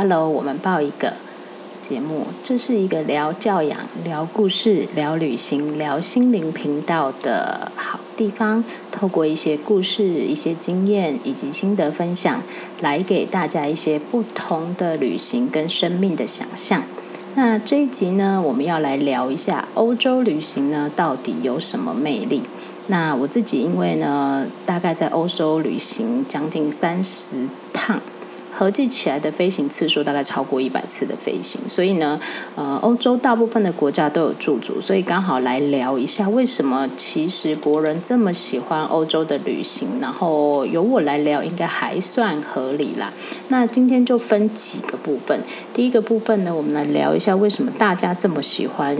哈嘍，我們報一個節目，這是一個聊教養、聊故事、聊旅行、聊心靈頻道的好地方。透過一些故事、一些經驗以及心得分享，來給大家一些不同的旅行跟生命的想象。那這一集呢，我們要來聊一下歐洲旅行呢，到底有什麼魅力？那我自己因為呢，大概在歐洲旅行將近三十趟。合計起來的飛行次數大概超過一百次的飛行，所以呢，呃，歐洲大部分的國家都有駐足，所以剛好來聊一下為什麼其實國人這麼喜歡歐洲的旅行，然後由我來聊應該還算合理啦。那今天就分幾個部分，第一個部分呢，我們來聊一下為什麼大家這麼喜歡，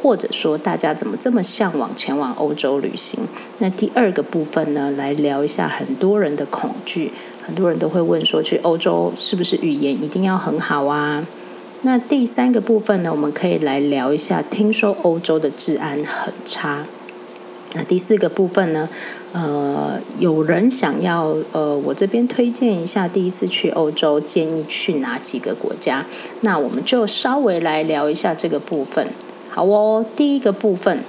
或者說大家怎麼這麼嚮往前往歐洲旅行。那第二個部分呢，來聊一下很多人的恐懼。很多人都會問說，去歐洲是不是語言一定要很好啊？那第三個部分呢，我們可以來聊一下。聽說歐洲的治安很差。那第四個部分呢？呃，有人想要，呃，我這邊推薦一下第一次去歐洲建議去哪幾個國家？那我們就稍微來聊一下這個部分。好哦，第一個部分。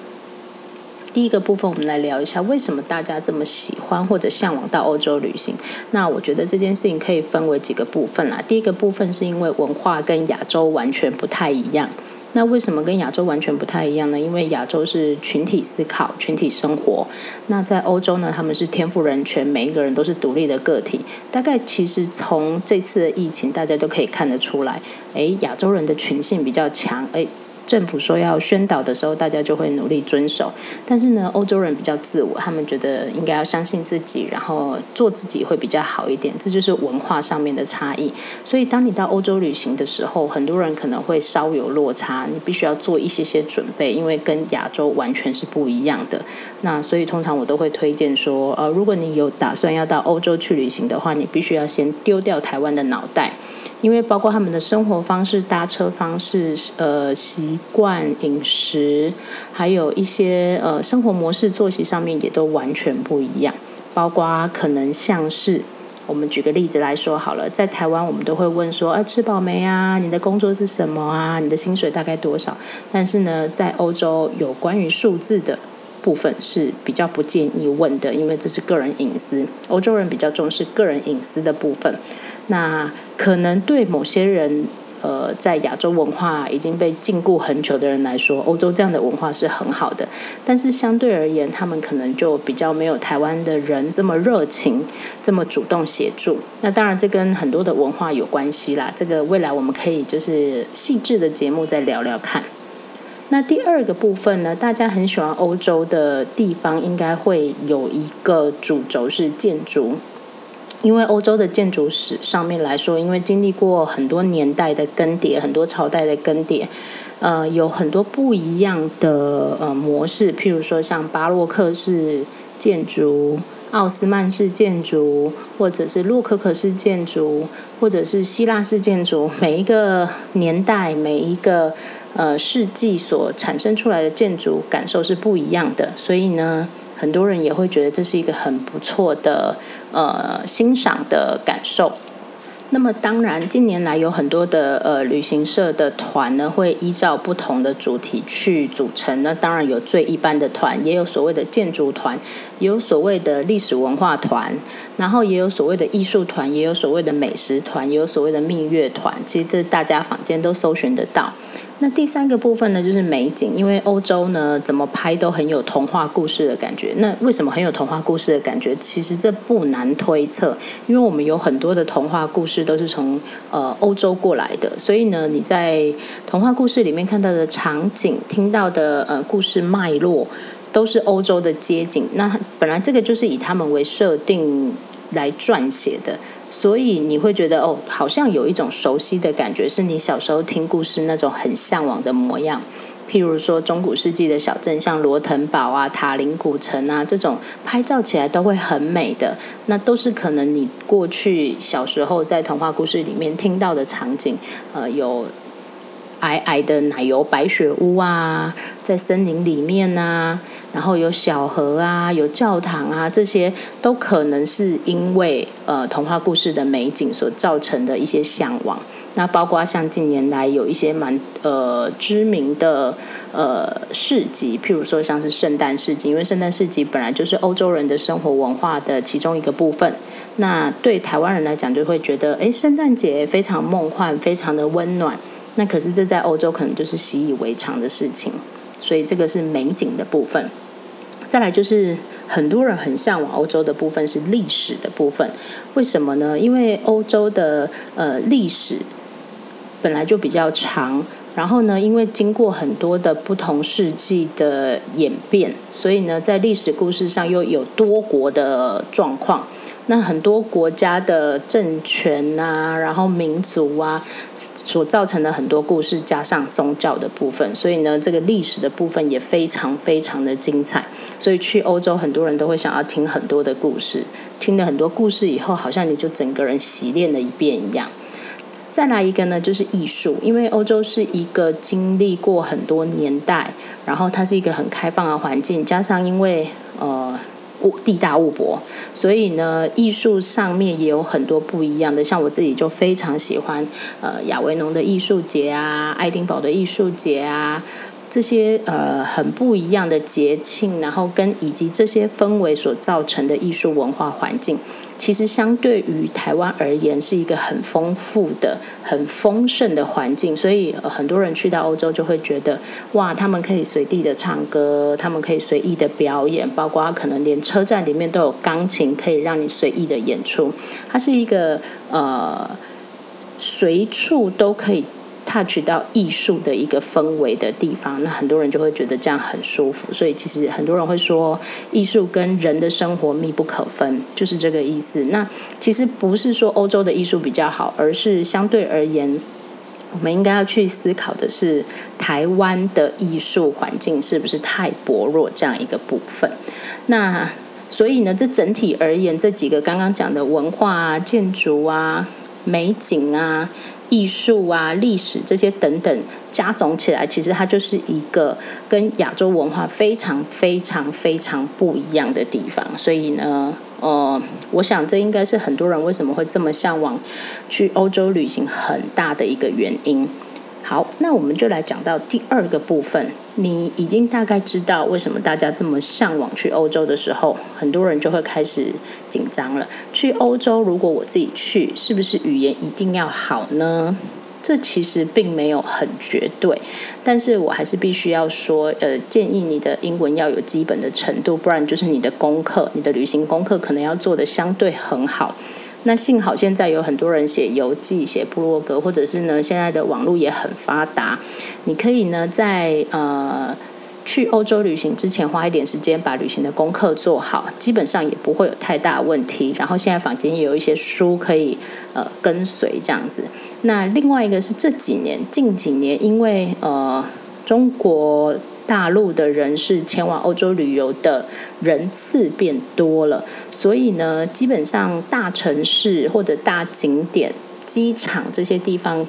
第一個部分，我們來聊一下為什麼大家這麼喜歡或者嚮往到歐洲旅行。那我覺得這件事情可以分為幾個部分啦。第一個部分是因為文化跟亞洲完全不太一樣。那為什麼跟亞洲完全不太一樣呢？因為亞洲是群體思考、群體生活。那在歐洲呢，他們是天賦人權，每一個人都是獨立的個體。大概其實從這次的疫情，大家都可以看得出來，欸，亞洲人的群性比較強，欸。政府說要宣導的時候，大家就會努力遵守。但是呢，歐洲人比較自我，他們覺得應該要相信自己，然後做自己會比較好一點。這就是文化上面的差異。所以，當你到歐洲旅行的時候，很多人可能會稍有落差。你必須要做一些些準備，因為跟亞洲完全是不一樣的。那所以，通常我都會推薦說，呃，如果你有打算要到歐洲去旅行的話，你必須要先丟掉台灣的腦袋。因為包括他們的生活方式、搭車方式、呃習慣、飲食，還有一些呃生活模式、作息上面也都完全不一樣。包括可能像是，我們舉個例子來說好了，在台灣我們都會問說，啊，吃飽沒啊？你的工作是什麼啊？你的薪水大概多少？但是呢，在歐洲有關於數字的部分是比較不建議問的，因為這是個人隱私。歐洲人比較重視個人隱私的部分。那可能對某些人，呃，在亞洲文化已經被禁錮很久的人來說，歐洲這樣的文化是很好的。但是相對而言，他們可能就比較沒有台灣的人這麼熱情，這麼主動協助。那當然，這跟很多的文化有關係啦。這個未來我們可以就是細緻的節目再聊聊看。那第二個部分呢，大家很喜歡歐洲的地方，應該會有一個主軸是建築。因為歐洲的建築史上面來說，因為經歷過很多年代的更迭，很多朝代的更迭，呃，有很多不一樣的呃模式，譬如說像巴洛克式建築、奧斯曼式建築，或者是洛可可式建築，或者是希臘式建築，每一個年代、每一個呃世紀所產生出來的建築感受是不一樣的，所以呢，很多人也會覺得這是一個很不錯的。呃，欣賞的感受。那麼，當然近年來有很多的呃旅行社的團呢，會依照不同的主題去組成。那當然有最一般的團，也有所謂的建築團，也有所謂的歷史文化團，然後也有所謂的藝術團，也有所謂的美食團，也有所謂的蜜月團。其實，這大家坊間都搜尋得到。那第三個部分呢，就是美景。因為歐洲呢，怎麼拍都很有童話故事的感覺。那為什麼很有童話故事的感覺？其實這不難推測，因為我們有很多的童話故事都是從呃歐洲過來的。所以呢，你在童話故事裡面看到的場景、聽到的呃故事脈絡，都是歐洲的街景。那本來這個就是以他們為設定來撰寫的。所以你會覺得哦，好像有一種熟悉的感覺，是你小時候聽故事那種很向往的模樣。譬如說中古世紀的小鎮，像羅騰堡啊、塔林古城啊這種，拍照起來都會很美的。那都是可能你過去小時候在童話故事裡面聽到的場景，呃，有矮矮的奶油白雪屋啊。在森林裡面吶、啊，然後有小河啊，有教堂啊，這些都可能是因為呃童話故事的美景所造成的一些向往。那包括像近年來有一些蠻呃知名的呃市集，譬如說像是聖誕市集，因為聖誕市集本來就是歐洲人的生活文化的其中一個部分。那對台灣人來講，就會覺得哎，聖誕節非常夢幻，非常的溫暖。那可是這在歐洲可能就是習以為常的事情。所以這個是美景的部分，再來就是很多人很嚮往歐洲的部分是歷史的部分。為什麼呢？因為歐洲的呃歷史本來就比較長，然後呢，因為經過很多的不同世紀的演變，所以呢，在歷史故事上又有多國的狀況。那很多國家的政權啊，然後民族啊，所造成的很多故事，加上宗教的部分，所以呢，這個歷史的部分也非常非常的精彩。所以去歐洲，很多人都會想要聽很多的故事，聽了很多故事以後，好像你就整個人洗練了一遍一樣。再來一個呢，就是藝術，因為歐洲是一個經歷過很多年代，然後它是一個很開放的環境，加上因為呃。地大物博，所以呢，藝術上面也有很多不一樣的。像我自己就非常喜歡呃，亞維農的藝術節啊，愛丁堡的藝術節啊，這些呃很不一樣的節慶，然後跟以及這些氛圍所造成的藝術文化環境。其實相對於台灣而言，是一個很豐富的、很豐盛的環境，所以很多人去到歐洲就會覺得，哇，他們可以隨地的唱歌，他們可以隨意的表演，包括他可能連車站裡面都有鋼琴，可以讓你隨意的演出。它是一個呃，隨處都可以。touch 到藝術的一個氛圍的地方，那很多人就會覺得這樣很舒服。所以其實很多人會說，藝術跟人的生活密不可分，就是這個意思。那其實不是說歐洲的藝術比較好，而是相對而言，我們應該要去思考的是台灣的藝術環境是不是太薄弱這樣一個部分。那所以呢，這整體而言，這幾個剛剛講的文化啊、建築啊、美景啊。藝術啊，歷史這些等等加總起來，其實它就是一個跟亞洲文化非常非常非常不一樣的地方。所以呢，呃，我想這應該是很多人為什麼會這麼向往去歐洲旅行很大的一個原因。好，那我們就來講到第二個部分。你已經大概知道為什麼大家這麼向往去歐洲的時候，很多人就會開始緊張了。去歐洲如果我自己去，是不是語言一定要好呢？這其實並沒有很絕對，但是我還是必須要說，呃，建議你的英文要有基本的程度，不然就是你的功課，你的旅行功課可能要做得相對很好。那幸好現在有很多人寫遊記、寫部落格，或者是呢，現在的網絡也很發達。你可以呢，在呃去歐洲旅行之前花一點時間把旅行的功課做好，基本上也不會有太大問題。然後現在坊間也有一些書可以呃跟隨這樣子。那另外一個是這幾年、近幾年，因為呃中國。大陸的人士前往歐洲旅遊的人次變多了，所以呢，基本上大城市或者大景點、機場這些地方，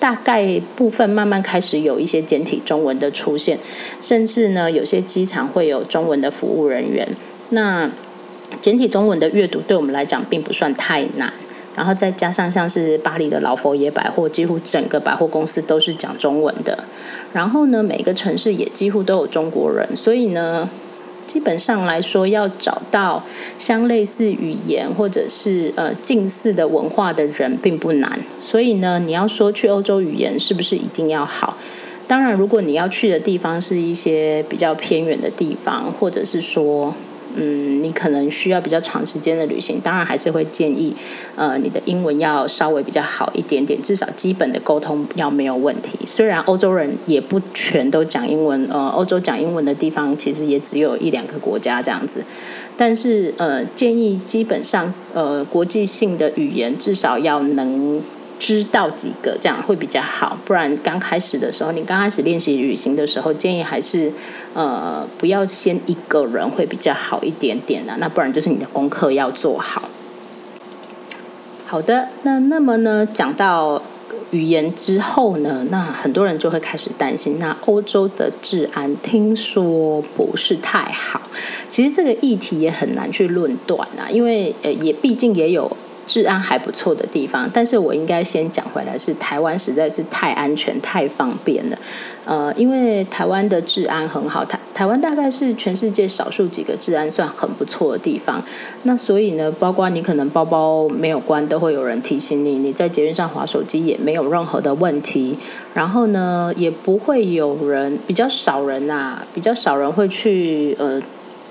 大概部分慢慢開始有一些簡體中文的出現，甚至呢，有些機場會有中文的服務人員。那簡體中文的閱讀對我們來講並不算太難，然後再加上像是巴黎的老佛爺百貨，幾乎整個百貨公司都是講中文的。然後呢，每個城市也幾乎都有中國人，所以呢，基本上來說，要找到相類似語言或者是呃近似的文化的人並不難。所以呢，你要說去歐洲語言是不是一定要好？當然，如果你要去的地方是一些比較偏遠的地方，或者是說，嗯，你可能需要比較長時間的旅行，當然還是會建議，呃，你的英文要稍微比較好一點點，至少基本的溝通要沒有問題。雖然歐洲人也不全都講英文，呃，歐洲講英文的地方其實也只有一兩個國家這樣子，但是呃，建議基本上呃國際性的語言至少要能知道幾個這樣會比較好，不然剛開始的時候，你剛開始練習旅行的時候，建議還是呃不要先一個人會比較好一點點的啊，那不然就是你的功課要做好。好的，那那麼呢，講到語言之後呢，那很多人就會開始擔心，那歐洲的治安聽說不是太好。其實這個議題也很難去論斷啊，因為呃也畢竟也有治安還不錯的地方，但是我應該先講回來是，是台灣實在是太安全、太方便了。呃，因為台灣的治安很好，台台灣大概是全世界少數幾個治安算很不錯的地方。那所以呢，包括你可能包包沒有關，都會有人提醒你；你在捷運上滑手機也沒有任何的問題。然後呢，也不會有人，比較少人吶、啊，比較少人會去呃。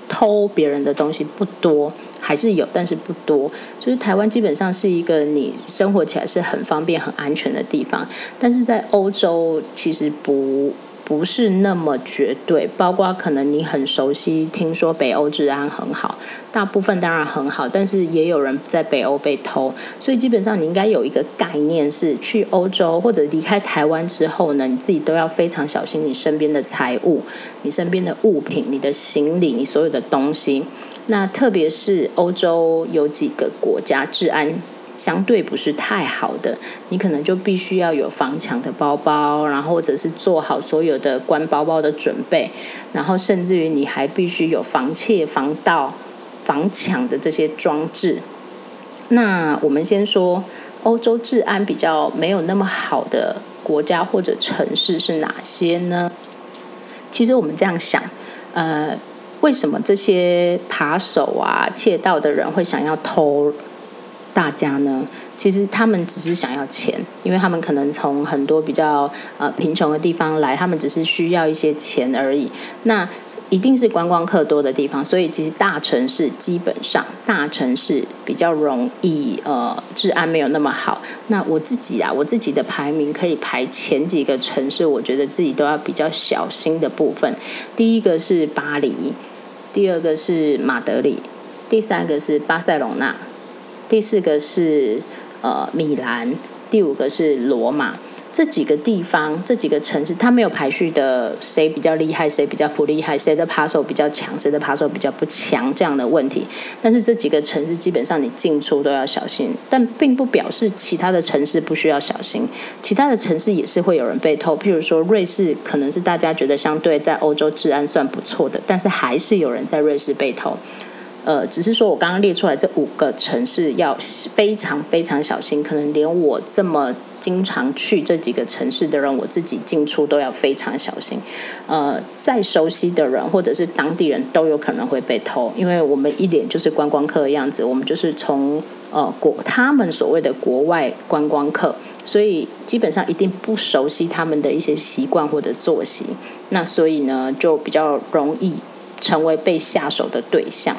偷別人的東西不多，還是有，但是不多。就是台灣基本上是一個你生活起來是很方便、很安全的地方，但是在歐洲其實不。不是那麼絕對，包括可能你很熟悉，聽說北歐治安很好，大部分當然很好，但是也有人在北歐被偷，所以基本上你應該有一個概念是，去歐洲或者離開台灣之後呢，你自己都要非常小心你身邊的財物、你身邊的物品、你的行李、你所有的東西。那特別是歐洲有幾個國家治安。相對不是太好的，你可能就必須要有防搶的包包，然後或者是做好所有的關包包的準備，然後甚至於你還必須有防竊、防盜、防搶的這些裝置。那我們先說歐洲治安比較沒有那麼好的國家或者城市是哪些呢？其實我們這樣想，呃，為什麼這些扒手啊、竊盜的人會想要偷？大家呢？其實他們只是想要錢，因為他們可能從很多比較呃貧窮的地方來，他們只是需要一些錢而已。那一定是觀光客多的地方，所以其實大城市基本上，大城市比較容易呃治安沒有那麼好。那我自己啊，我自己的排名可以排前幾個城市，我覺得自己都要比較小心的部分。第一個是巴黎，第二個是馬德里，第三個是巴塞隆納。第四個是呃米蘭，第五個是羅馬，這幾個地方、這幾個城市，它沒有排序的誰比較厲害，誰比較不厲害，誰的扒手比較強，誰的扒手比較不強這樣的問題。但是這幾個城市基本上你進出都要小心，但並不表示其他的城市不需要小心。其他的城市也是會有人被偷，譬如說瑞士，可能是大家覺得相對在歐洲治安算不錯的，但是還是有人在瑞士被偷。呃，只是說，我剛剛列出來這五個城市要非常非常小心，可能連我這麼經常去這幾個城市的人，我自己進出都要非常小心。呃，再熟悉的人或者是當地人都有可能會被偷，因為我們一臉就是觀光客的樣子，我們就是從呃國他們所謂的國外觀光客，所以基本上一定不熟悉他們的一些習慣或者作息，那所以呢，就比較容易成為被下手的對象。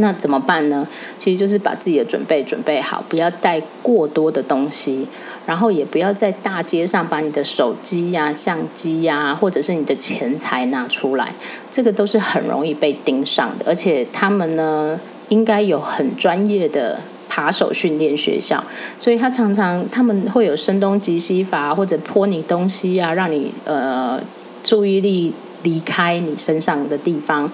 那怎麼辦呢？其實就是把自己的準備準備好，不要帶過多的東西，然後也不要在大街上把你的手機呀、啊、相機呀、啊，或者是你的錢財拿出來，這個都是很容易被盯上的。而且他們呢，應該有很專業的扒手訓練學校，所以他常常他們會有聲東擊西法，或者潑你東西啊，讓你呃注意力離開你身上的地方。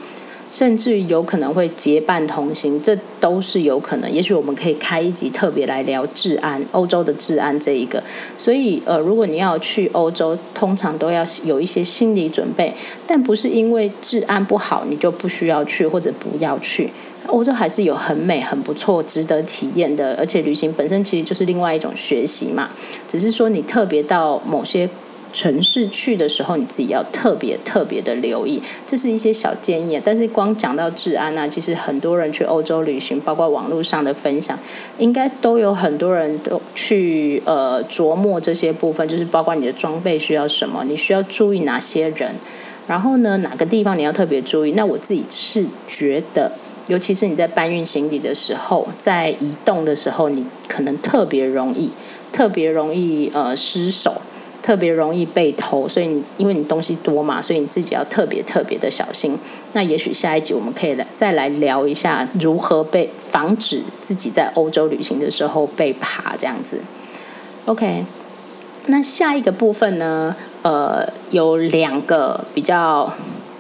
甚至有可能會結伴同行，這都是有可能。也許我們可以開一集特別來聊治安，歐洲的治安這一個。所以，呃，如果你要去歐洲，通常都要有一些心理準備，但不是因為治安不好，你就不需要去或者不要去。歐洲還是有很美、很不錯、值得體驗的，而且旅行本身其實就是另外一種學習嘛。只是說你特別到某些。城市去的時候，你自己要特別特別的留意，這是一些小建議。但是光講到治安呢、啊，其實很多人去歐洲旅行，包括網絡上的分享，應該都有很多人都去呃琢磨這些部分，就是包括你的裝備需要什麼，你需要注意哪些人，然後呢，哪個地方你要特別注意。那我自己是覺得，尤其是你在搬運行李的時候，在移動的時候，你可能特別容易，特別容易呃失手，特別容易被偷，所以你因為你東西多嘛，所以你自己要特別特別的小心。那也許下一集我們可以來再來聊一下如何被防止自己在歐洲旅行的時候被扒這樣子。OK，那下一個部分呢？呃，有兩個比較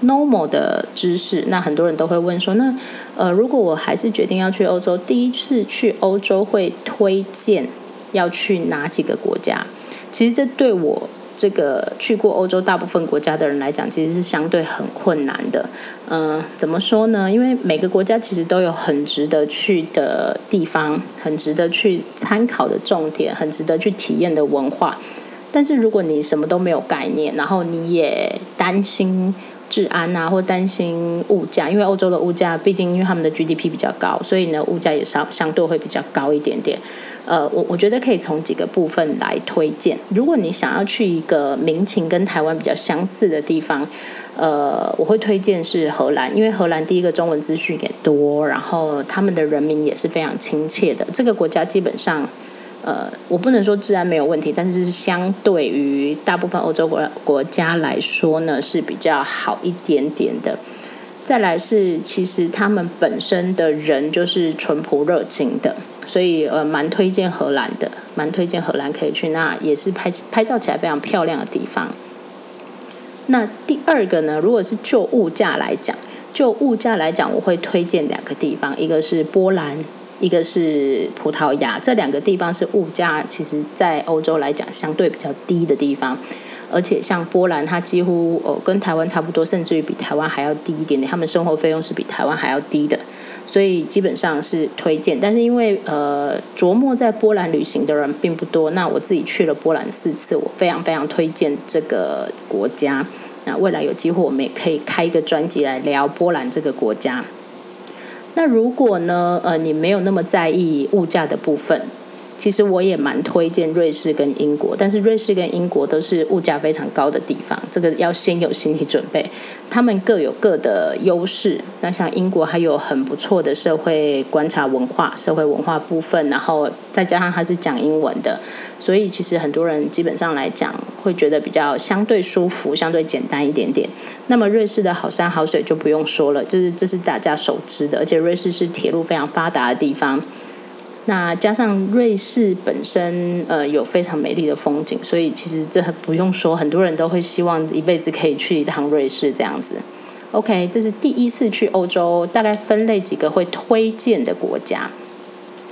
normal 的知識，那很多人都會問說，那呃，如果我還是決定要去歐洲，第一次去歐洲會推薦要去哪幾個國家？其實這對我這個去過歐洲大部分國家的人來講，其實是相對很困難的。嗯，怎麼說呢？因為每個國家其實都有很值得去的地方，很值得去參考的重點，很值得去體驗的文化。但是如果你什麼都沒有概念，然後你也擔心治安啊，或擔心物價，因為歐洲的物價畢竟因為他們的 GDP 比較高，所以呢，物價也相相對會比較高一點點。呃，我我覺得可以從幾個部分來推薦。如果你想要去一個民情跟台灣比較相似的地方，呃，我會推薦是荷蘭，因為荷蘭第一個中文資訊也多，然後他們的人民也是非常親切的。這個國家基本上，呃，我不能說治安沒有問題，但是是相對於大部分歐洲國國家來說呢，是比較好一點點的。再來是，其實他們本身的人就是淳樸熱情的。所以呃，蠻推薦荷蘭的，蠻推薦荷蘭可以去那，那也是拍拍照起來非常漂亮的地方。那第二個呢，如果是就物價來講，就物價來講，我會推薦兩個地方，一個是波蘭，一個是葡萄牙。這兩個地方是物價其實，在歐洲來講相對比較低的地方，而且像波蘭，它幾乎哦跟台灣差不多，甚至於比台灣還要低一點點，他們生活費用是比台灣還要低的。所以基本上是推薦，但是因為呃琢磨，在波蘭旅行的人並不多，那我自己去了波蘭四次，我非常非常推薦這個國家。那未來有機會我們也可以開一個專輯來聊波蘭這個國家。那如果呢，呃，你沒有那麼在意物價的部分，其實我也蠻推薦瑞士跟英國，但是瑞士跟英國都是物價非常高的地方，這個要先有心理準備。他們各有各的優勢。那像英國還有很不錯的社會觀察文化、社會文化部分，然後再加上它是講英文的，所以其實很多人基本上來講會覺得比較相對舒服、相對簡單一點點。那麼瑞士的好山好水就不用說了，就是這是大家熟知的，而且瑞士是鐵路非常發達的地方。那加上瑞士本身，呃，有非常美麗的風景，所以其實這不用說，很多人都會希望一輩子可以去一趟瑞士這樣子。OK，這是第一次去歐洲，大概分類幾個會推薦的國家。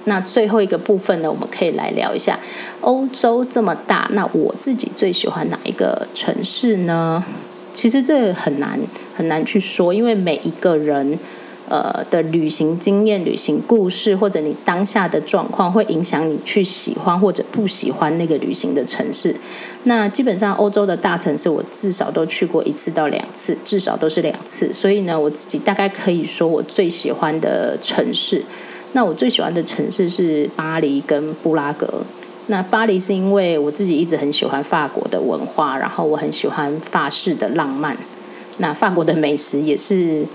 那最後一個部分呢，我們可以來聊一下歐洲這麼大，那我自己最喜歡哪一個城市呢？其實這很難很難去說，因為每一個人。呃的旅行經驗、旅行故事，或者你當下的狀況，會影響你去喜歡或者不喜歡那個旅行的城市。那基本上歐洲的大城市，我至少都去過一次到兩次，至少都是兩次。所以呢，我自己大概可以說，我最喜歡的城市。那我最喜歡的城市是巴黎跟布拉格。那巴黎是因為我自己一直很喜歡法國的文化，然後我很喜歡法式的浪漫。那法國的美食也是。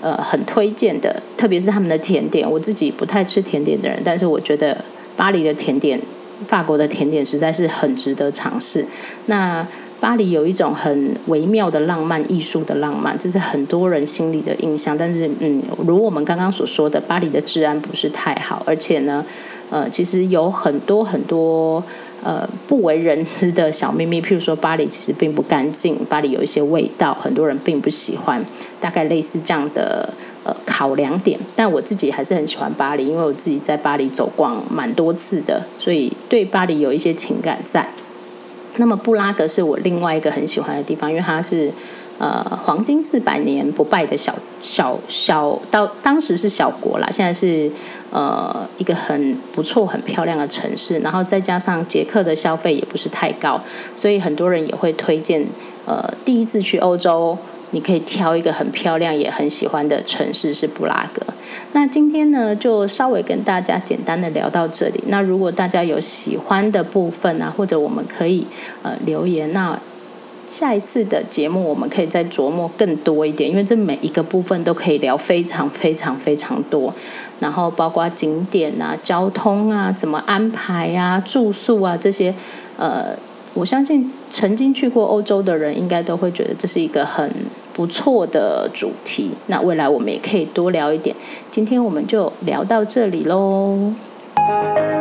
呃，很推薦的，特別是他們的甜點。我自己不太吃甜點的人，但是我覺得巴黎的甜點，法國的甜點實在是很值得嘗試。那巴黎有一種很微妙的浪漫，藝術的浪漫，就是很多人心裡的印象。但是，嗯，如我們剛剛所說的，巴黎的治安不是太好，而且呢。呃，其實有很多很多呃不為人知的小秘密，譬如說巴黎其實並不乾淨，巴黎有一些味道，很多人並不喜歡，大概類似這樣的呃考量點。但我自己還是很喜歡巴黎，因為我自己在巴黎走過蠻多次的，所以對巴黎有一些情感在。那麼布拉格是我另外一個很喜歡的地方，因為它是呃黃金四百年不敗的小小小到當時是小國啦，現在是呃一個很不錯很漂亮的城市，然後再加上捷克的消費也不是太高，所以很多人也會推薦呃第一次去歐洲。你可以挑一個很漂亮，也很喜歡的城市，是布拉格。那今天呢，就稍微跟大家簡單的聊到這裡。那如果大家有喜歡的部分啊，或者我們可以呃留言，那下一次的節目我們可以再琢磨更多一點，因為這每一個部分都可以聊非常非常非常多。然後包括景點啊、交通啊、怎麼安排啊、住宿啊這些，呃。我相信曾經去過歐洲的人，應該都會覺得這是一個很不錯的主題。那未來我們也可以多聊一點。今天我們就聊到這裡嘍。